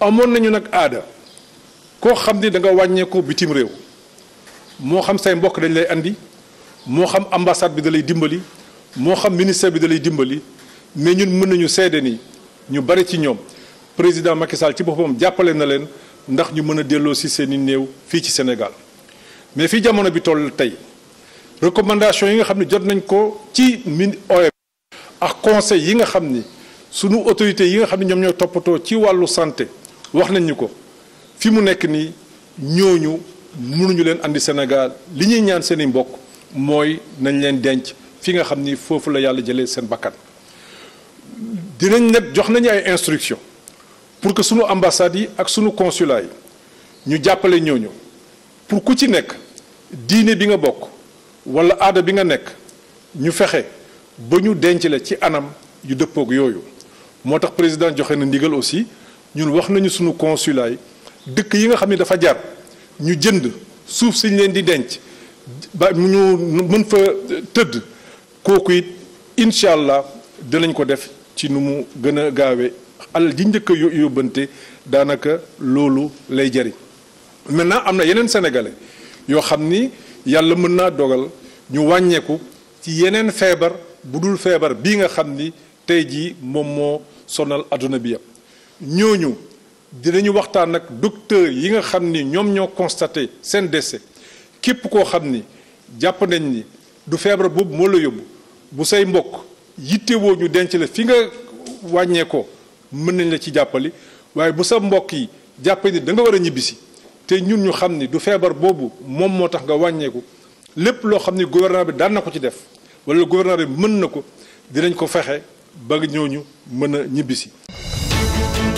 amoon nañu nag aada koo xam ni danga nga wàññeeku bitim réew moo xam say mbokk dañ lay andi moo xam ambassade bi da lay dimbali moo xam ministère bi da lay dimbali mais ñun mën nañu seede ni ñu bari ci ñoom président Macky Sall ci boppam jàppale na leen ndax ñu mën a delloo si seen i néew fii ci Sénégal mais fii jamono bi toll tey recommandation yi nga xam ne jot nañ ko ci min OMS ak conseil yi nga xam ni sunu autorités yi nga xam ne ñoom ñoo toppatoo ci wàllu santé wax nañ ñu ko fi mu nekk nii ñooñu munuñu leen indi Sénégal li ñuy ñaan seen i mbokk mooy nañ leen denc fi nga xam ni foofu la yàlla jëlee seen bakkan dinañ ne jox nañu ay instructions pour que sunu ambassades yi ak sunu consulats yi ñu jàppale ñooñu pour ku ci nekk diine bi nga bokk wala aada bi nga nekk ñu fexe ba ñu denc la ci anam yu dëppook yooyu moo tax président joxe na ndigal aussi. ñu wax nañu suñu consulat dëkk yi nga xam ne dafa jar ñu jënd suuf si ñu leen di denc ba ñu mën fa tëdd kooku it incha allah dinañ ko def ci nu mu gën a gaawee alal ji njëkk yóbbante daanaka loolu lay jariñ maintenant am na yeneen sénégalais yoo xam ni yàlla mën naa dogal ñu wàññeeku ci yeneen feebar bu dul feebar bi nga xam ni tey jii moom moo sonal àdduna bi yëpp ñooñu dinañu waxtaan ak docteur yi nga xam ni ñoom ñoo constaté seen décès képp koo xam ni jàpp nañ ni du feebar boobu moo la yóbbu bu say mbokk yittewoo ñu denc la fi nga wàññee mën nañ la ci jàppali waaye bu sa mbokk yi jàpp ni da war a ñibbisi te ñun ñu xam ni du feebar boobu moom moo tax nga wàññeeku lépp loo xam ni gouvernement bi daan na ko ci def wala gouvernement bi mën na ko dinañ ko fexe ba ñooñu mën a ñibbisi Thank you